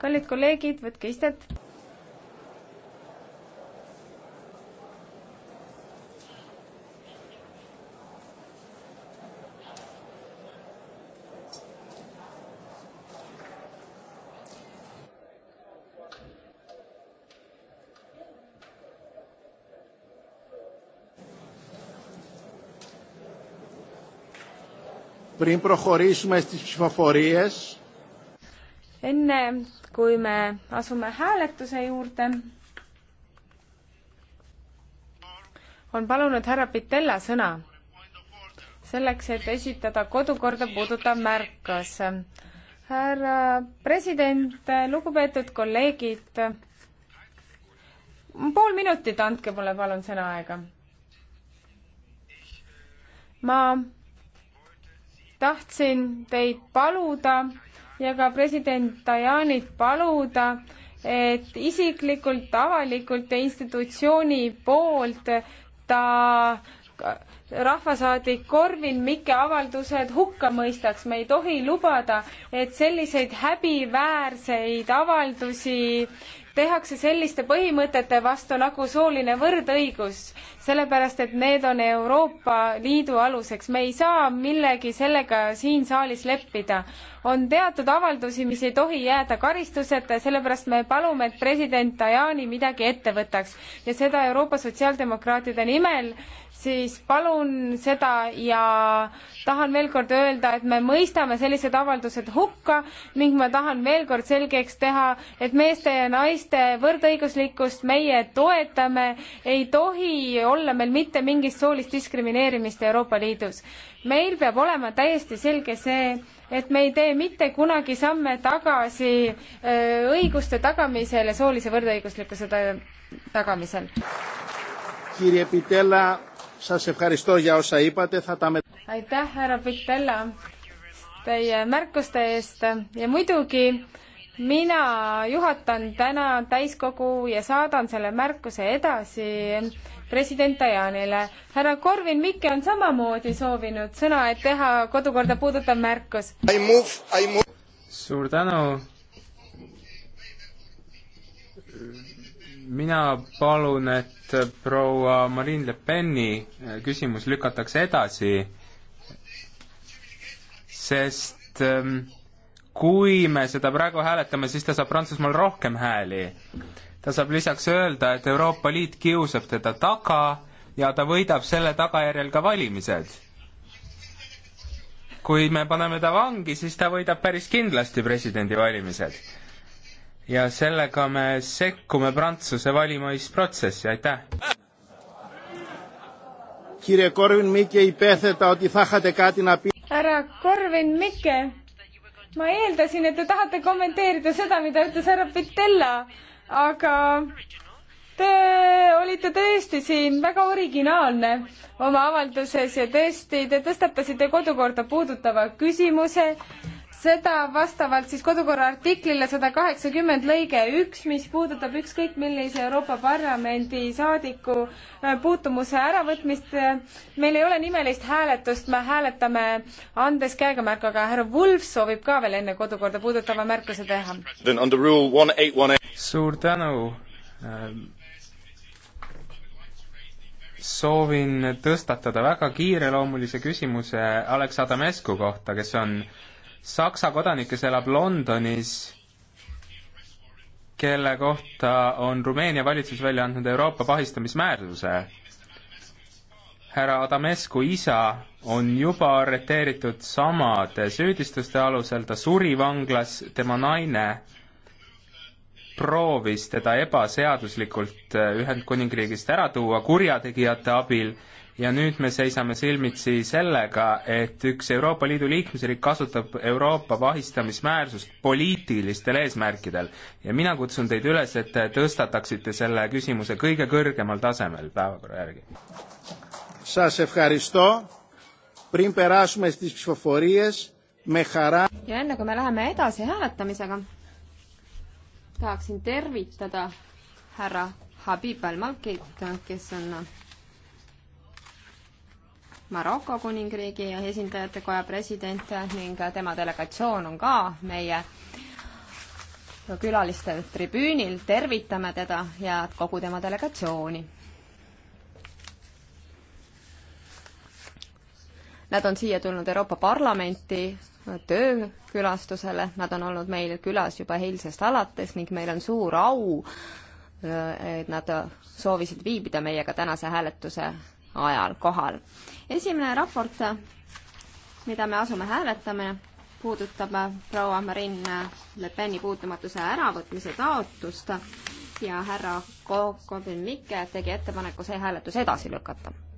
kallid kolleegid, võtke istet. Πριν προχωρήσουμε στις ψηφοφορίες, enne kui me asume hääletuse juurde, on palunud härra Pitella sõna selleks, et esitada kodukorda puudutav märkus. härra president, lugupeetud kolleegid, pool minutit andke mulle palun sõna aega. ma tahtsin teid paluda ja ka president Tajanit paluda, et isiklikult, avalikult ja institutsiooni poolt ta rahvasaadik Korvin Mikke avaldused hukka mõistaks. me ei tohi lubada, et selliseid häbiväärseid avaldusi tehakse selliste põhimõtete vastu nagu sooline võrdõigus, sellepärast et need on Euroopa Liidu aluseks. me ei saa millegi sellega siin saalis leppida. on teatud avaldusi, mis ei tohi jääda karistuseta ja sellepärast me palume, et president Tajani midagi ette võtaks ja seda Euroopa sotsiaaldemokraatide nimel siis palun seda ja tahan veel kord öelda, et me mõistame sellised avaldused hukka ning ma tahan veel kord selgeks teha, et meeste ja naiste naiste võrdõiguslikkust meie toetame, ei tohi olla meil mitte mingit soolist diskrimineerimist Euroopa Liidus. meil peab olema täiesti selge see, et me ei tee mitte kunagi samme tagasi õiguste tagamisel ja soolise võrdõiguslikkuse tagamisel. aitäh, härra Pitella, teie märkuste eest ja muidugi mina juhatan täna täiskogu ja saadan selle märkuse edasi president Tajanile. härra Korvin Mikke on samamoodi soovinud sõna, et teha kodukorda puudutav märkus. suur tänu. mina palun, et proua Marine Le Peni küsimus lükatakse edasi, sest ähm, kui me seda praegu hääletame, siis ta saab Prantsusmaal rohkem hääli. ta saab lisaks öelda, et Euroopa Liit kiusab teda taga ja ta võidab selle tagajärjel ka valimised. kui me paneme ta vangi, siis ta võidab päris kindlasti presidendivalimised. ja sellega me sekkume Prantsuse valimisprotsessi, aitäh! härra Korvin Mikke, ma eeldasin, et te tahate kommenteerida seda, mida ütles härra Pitella, aga te olite tõesti siin väga originaalne oma avalduses ja tõesti, te tõstatasite kodukorda puudutava küsimuse seda vastavalt siis kodukorra artiklile sada kaheksakümmend lõige üks, mis puudutab ükskõik millise Euroopa Parlamendi saadiku äh, puutumuse äravõtmist. meil ei ole nimelist hääletust, me hääletame andes käegamärku, aga härra Wulf soovib ka veel enne kodukorda puudutava märkuse teha. suur tänu. soovin tõstatada väga kiireloomulise küsimuse Aleks Adamescu kohta, kes on Saksa kodanik, kes elab Londonis, kelle kohta on Rumeenia valitsus välja andnud Euroopa pahistamismääruse. härra Adamescu isa on juba arreteeritud samade süüdistuste alusel, ta suri vanglas, tema naine proovis teda ebaseaduslikult äh, Ühendkuningriigist ära tuua kurjategijate abil ja nüüd me seisame silmitsi sellega, et üks Euroopa Liidu liikmesriik kasutab Euroopa vahistamismäärsust poliitilistel eesmärkidel. ja mina kutsun teid üles, et te tõstataksite selle küsimuse kõige kõrgemal tasemel päevakorra järgi. ja enne kui me läheme edasi hääletamisega tahaksin tervitada härra Habib Al-Malkit, kes on Maroko kuningriigi esindajate koja president ning tema delegatsioon on ka meie külaliste tribüünil, tervitame teda ja kogu tema delegatsiooni. Nad on siia tulnud Euroopa Parlamenti töökülastusele, nad on olnud meil külas juba eilsest alates ning meil on suur au, äh, et nad soovisid viibida meiega tänase hääletuse ajal kohal. esimene raport, mida me asume hääletama, puudutab proua Marine Le Peni puutumatuse äravõtmise taotlust ja härra Kobin Mikke tegi ettepaneku see hääletus edasi lükata